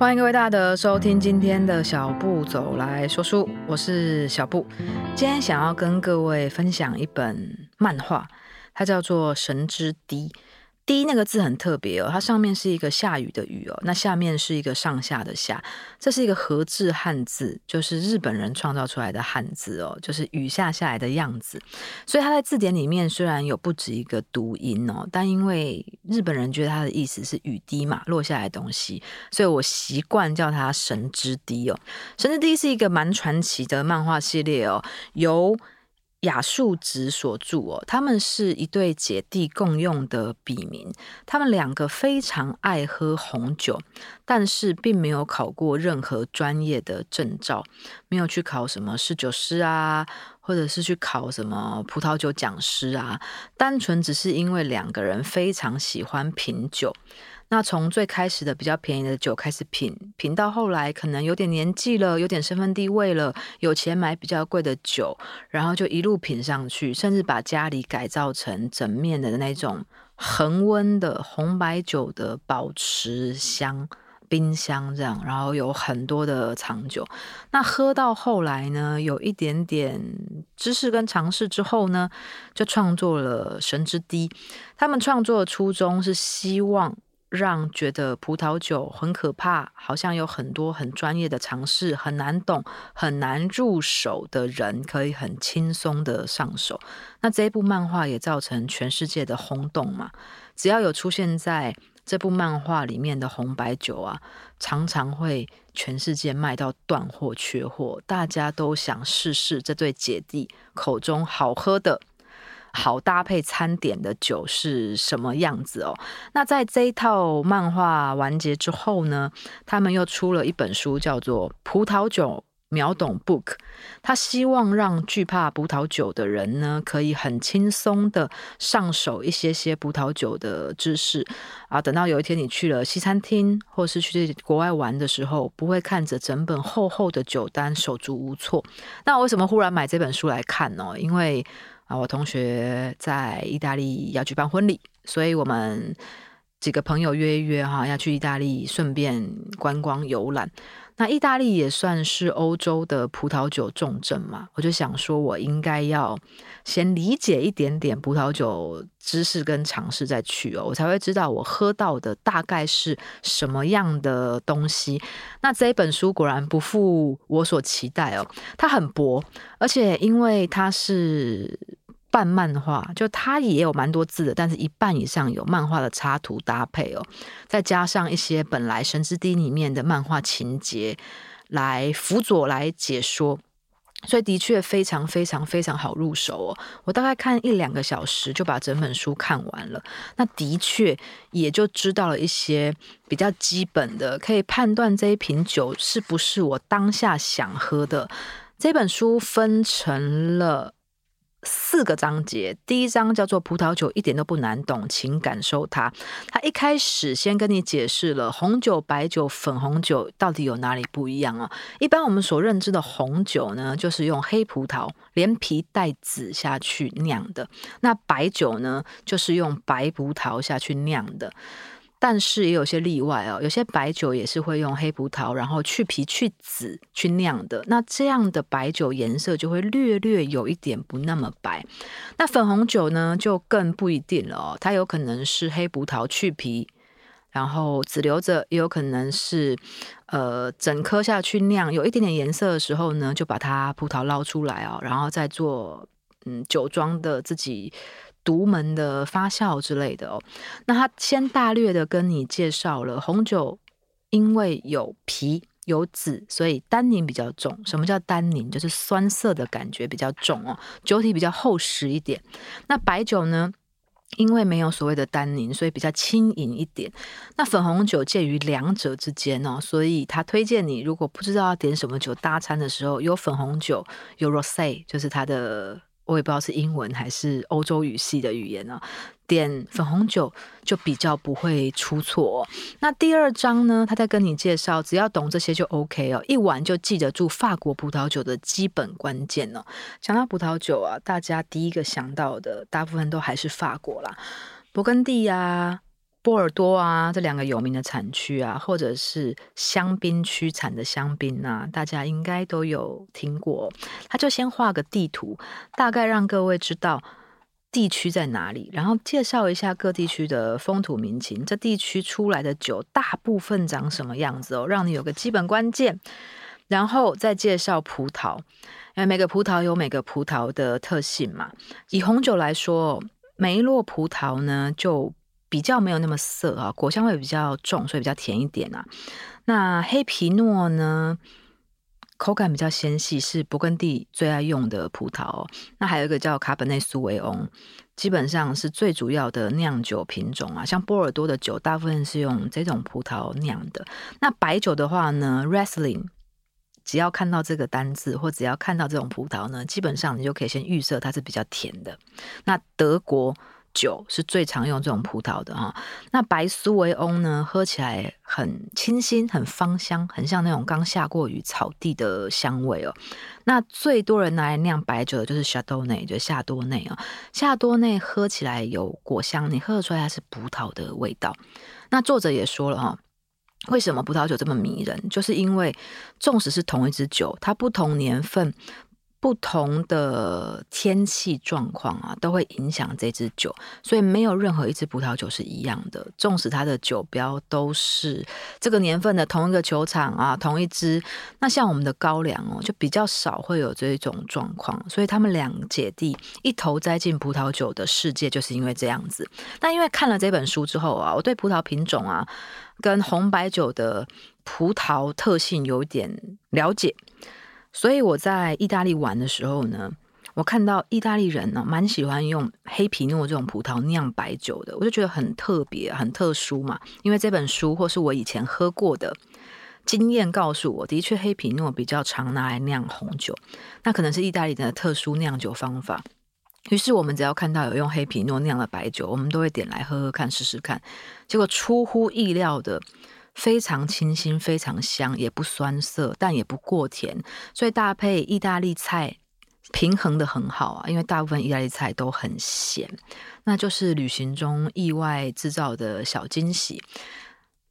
歡迎各位大德收聽今天的小步走來說書，我是小步，今天想要跟各位分享一本漫畫，它叫做《神之雫》。滴那個字很特別哦，它上面是一個下雨的雨哦，那下面是一個上下的下，這是一個和製漢字，就是日本人創造出來的漢字哦，就是雨下下來的樣子。所以它在字典裡面雖然有不止一個讀音哦，但因為日本人覺得它的意思是雨滴嘛，落下來的東西，所以我習慣叫它神之滴哦。神之滴是一個蠻傳奇的漫畫系列哦，由。亞樹直所著哦，他們是一對姐弟共用的筆名。他們兩個非常愛喝紅酒，但是並沒有考過任何專業的證照，沒有去考什麼侍酒師啊。或者是去考什麼葡萄酒講師啊，單純只是因為兩個人非常喜歡品酒。那從最開始的比較便宜的酒開始品，品到後來可能有點年紀了，有點身份地位了，有錢買比較貴的酒，然後就一路品上去，甚至把家裡改造成整面的那種恆溫的紅白酒的保持箱。冰箱這樣，然後有很多的藏酒。那喝到後來呢，有一點點知識跟嘗試之後呢，就創作了《神之雫》。他們創作的初衷是希望讓覺得葡萄酒很可怕，好像有很多很專業的嘗試，很難懂，很難入手的人可以很輕鬆的上手。那這一部漫畫也造成全世界的轟動嘛，只要有出現在。這部漫畫裡面的紅白酒啊，常常會全世界賣到斷貨缺貨，大家都想試試這對姐弟口中好喝的、好搭配餐點的酒是什麼樣子哦。那在這一套漫畫完結之後呢，他們又出了一本書，叫做《葡萄酒》。秒懂 Book，他希望讓懼怕葡萄酒的人呢，可以很輕鬆的上手一些些葡萄酒的知識啊。等到有一天你去了西餐廳，或是去國外玩的時候，不會看着整本厚厚的酒單手足無措。那我為什麼忽然買這本書來看呢？因為啊，我同學在意大利要舉辦婚禮，所以我們幾個朋友約一約哈，啊，要去意大利順便觀光遊覽。那意大利也算是歐洲的葡萄酒重鎮嘛，我就想說，我應該要先理解一點點葡萄酒知識跟常識再去哦，我才會知道我喝到的大概是什麼樣的東西。那這本書果然不負我所期待哦，它很薄，而且因為它是。半漫畫就它也有蠻多字的，但是一半以上有漫畫的插圖搭配哦，再加上一些本來《神之雫》裡面的漫畫情節來輔佐來解說，所以的確非常非常非常好入手哦。我大概看一兩個小時就把整本書看完了，那的確也就知道了一些比較基本的，可以判斷這一瓶酒是不是我當下想喝的。這本書分成了。四個章節，第一章叫做《葡萄酒》，一點都不難懂，請感受它。它一開始先跟你解釋了紅酒、白酒、粉紅酒到底有哪裡不一樣啊？一般我們所認知的紅酒呢，就是用黑葡萄連皮帶籽下去釀的，那白酒呢，就是用白葡萄下去釀的。但是也有些例外哦，有些白酒也是會用黑葡萄，然後去皮去籽去釀的。那這樣的白酒顏色就會略略有一點不那麼白。那粉紅酒呢，就更不一定了哦，它有可能是黑葡萄去皮，然後籽留着；也有可能是，呃，整顆下去釀，有一點點顏色的時候呢，就把它葡萄撈出來哦，然後再做嗯酒莊的自己。獨門的發酵之類的哦，那他先大略的跟你介紹了紅酒，因為有皮有籽，所以單寧比較重。什麼叫單寧？就是酸澀的感覺比較重哦，酒體比較厚實一點。那白酒呢，因為沒有所謂的單寧，所以比較輕盈一點。那粉紅酒介於兩者之間哦，所以他推薦你，如果不知道要點什麼酒，搭餐的時候有粉紅酒，有 Rosé，就是它的。我也不知道是英文還是歐洲語系的語言呢、啊，點粉紅酒就比較不會出錯、哦。那第二章呢，他在跟你介紹，只要懂這些就 OK 哦，一晚就記得住法國葡萄酒的基本關鍵呢、哦。講到葡萄酒啊，大家第一個想到的，大部分都還是法國啦，勃艮第呀、波爾多啊，這兩個有名的產區啊，或者是香檳區產的香檳啊，大家應該都有聽過哦。他就先畫個地圖，大概讓各位知道地區在哪裡，然後介紹一下各地區的風土民情，這地區出來的酒大部分長什麼樣子哦，讓你有個基本關鍵，然後再介紹葡萄，因為每個葡萄有每個葡萄的特性嘛。以紅酒來說，梅洛葡萄呢就。比較沒有那麼澀，啊，果香味比較重，所以比較甜一點啊。那黑皮諾呢，口感比較纖細，是勃艮第最愛用的葡萄。那還有一個叫卡本內蘇維翁，on, 基本上是最主要的釀酒品種啊。像波爾多的酒，大部分是用這種葡萄釀的。那白酒的話呢，Riesling，只要看到這個單字，或只要看到這種葡萄呢，基本上你就可以先預設它是比較甜的。那德國。酒是最常用這種葡萄的哈，那白蘇維翁呢，喝起來很清新，很芳香，很像那種剛下過雨草地的香味哦。那最多人拿來釀白酒的就是夏多內，就夏多內啊，夏多內喝起來有果香，你喝得出來它是葡萄的味道。那作者也說了哈，為什麼葡萄酒這麼迷人，就是因為縱使是同一支酒，它不同年份。不同的天氣狀況啊，都會影響這支酒，所以沒有任何一支葡萄酒是一樣的。縱使它的酒標都是這個年份的同一個酒廠啊，同一支。那像我們的高粱哦，就比較少會有這種狀況。所以他們兩姐弟一頭栽進葡萄酒的世界，就是因為這樣子。那因為看了這本書之後啊，我對葡萄品種啊，跟紅白酒的葡萄特性有點了解。所以我在意大利玩的時候呢，我看到意大利人呢、啊、蠻喜歡用黑皮諾這種葡萄釀白酒的，我就覺得很特別、很特殊嘛。因為這本書或是我以前喝過的經驗告訴我，的確黑皮諾比較常拿來釀紅酒，那可能是意大利人的特殊釀酒方法。於是我們只要看到有用黑皮諾釀的白酒，我們都會點來喝喝看、試試看。結果出乎意料的。非常清新，非常香，也不酸澀，但也不過甜，所以搭配意大利菜平衡的很好啊。因為大部分意大利菜都很鹹，那就是旅行中意外制造的小驚喜。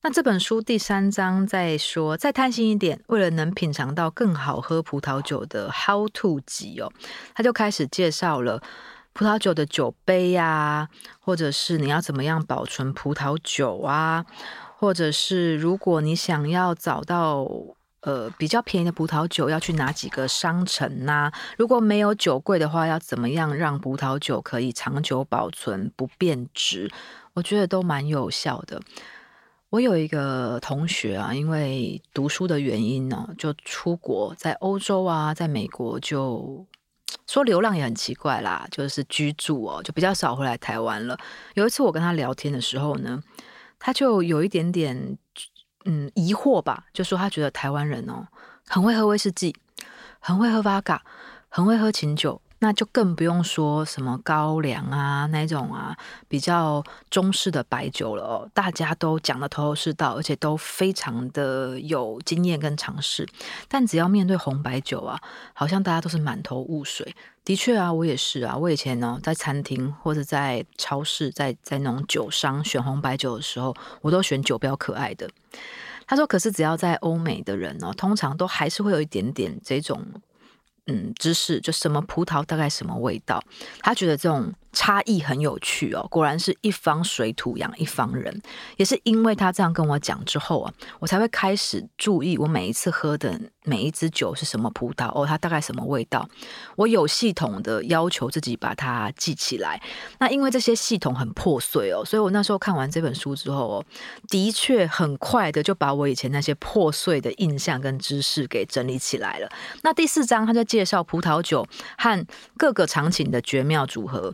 那這本書第三章在說，再貪心一點，為了能品嘗到更好喝葡萄酒的 How to 集哦，他就開始介紹了葡萄酒的酒杯呀、啊，或者是你要怎麼樣保存葡萄酒啊。或者是如果你想要找到呃比較便宜的葡萄酒，要去哪幾個商城呢、啊？如果沒有酒櫃的話，要怎麼樣讓葡萄酒可以長久保存不變質？我覺得都蠻有效的。我有一個同學啊，因為讀書的原因呢、啊，就出國，在歐洲啊，在美國就說流浪也很奇怪啦，就是居住哦、啊，就比較少回來台灣了。有一次我跟他聊天的時候呢。他就有一點點，嗯，疑惑吧，就說他覺得台灣人哦，很會喝威士忌，很會喝 Vodka，很會喝琴酒。那就更不用說什麼高粱啊，那種啊，比較中式的白酒了哦，大家都講得頭頭是道，而且都非常的有經驗跟常識。但只要面對紅白酒啊，好像大家都是滿頭霧水。的確啊，我也是啊，我以前哦，在餐廳或者在超市，在在那種酒商選紅白酒的時候，我都選酒標可愛的。他說：“可是只要在歐美的人哦，通常都還是會有一點點這種。”嗯，知識就什麼葡萄，大概什麼味道？他覺得這種。差異很有趣哦，果然是一方水土養一方人，也是因為他這樣跟我講之後啊，我才會開始注意我每一次喝的每一支酒是什麼葡萄哦，它大概什麼味道，我有系統的要求自己把它記起來。那因為這些系統很破碎哦，所以我那時候看完這本書之後哦，的確很快的就把我以前那些破碎的印象跟知識給整理起來了。那第四章他在介紹葡萄酒和各個場景的絕妙組合。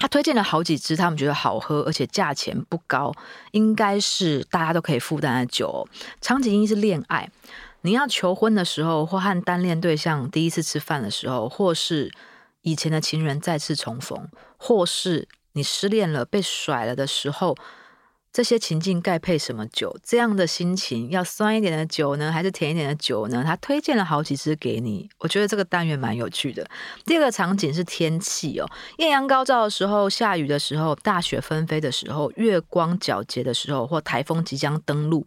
他推薦了好幾支，他們覺得好喝，而且價錢不高，應該是大家都可以負擔的酒，哦。場景應是戀愛，你要求婚的時候，或和單戀對象第一次吃飯的時候，或是以前的情人再次重逢，或是你失戀了被甩了的時候。這些情境該配什麼酒？這樣的心情要酸一點的酒呢，還是甜一點的酒呢？他推薦了好幾支給你，我覺得這個單元蠻有趣的。第二個場景是天氣哦，艷陽高照的時候，下雨的時候，大雪紛飛的時候，月光皎潔的時候，或台風即將登陸。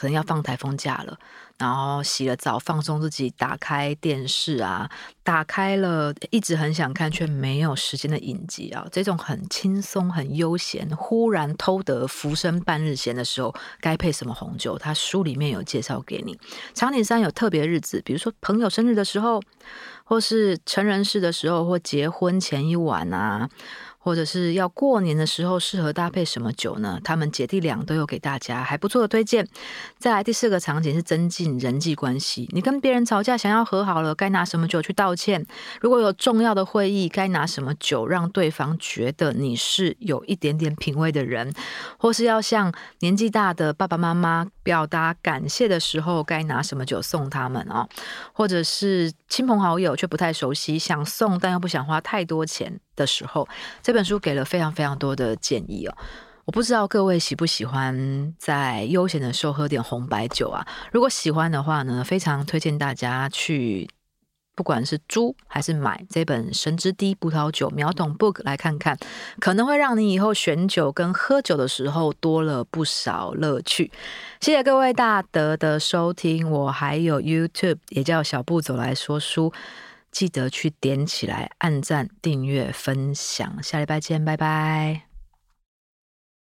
可能要放颱風假了，然後洗了澡放鬆自己，打開電視啊，打開了一直很想看卻沒有時間的影集啊，這種很輕鬆很悠閒，忽然偷得浮生半日閒的時候，該配什麼紅酒？他書裡面有介紹給你。場景三有特別日子，比如說朋友生日的時候，或是成人式的時候，或結婚前一晚啊。或者是要過年的時候適合搭配什麼酒呢？他們姐弟倆都有給大家還不錯的推薦。再來第四個場景是增進人際關係，你跟別人吵架想要和好了，該拿什麼酒去道歉？如果有重要的會議，該拿什麼酒讓對方覺得你是有一點點品味的人？或是要向年紀大的爸爸媽媽？表達感謝的時候該拿什麼酒送他們啊、哦？或者是親朋好友卻不太熟悉，想送但又不想花太多錢的時候，這本書給了非常非常多的建議哦。我不知道各位喜不喜歡在悠閒的時候喝點紅白酒啊？如果喜歡的話呢，非常推薦大家去。不管是租還是買這本《神之雫葡萄酒秒懂 Book》來看看，可能會讓你以後選酒跟喝酒的時候多了不少樂趣。謝謝各位大德的收聽，我還有 YouTube 也叫小步走來說書，記得去點起來按讚、訂閱、分享。下禮拜見，拜拜。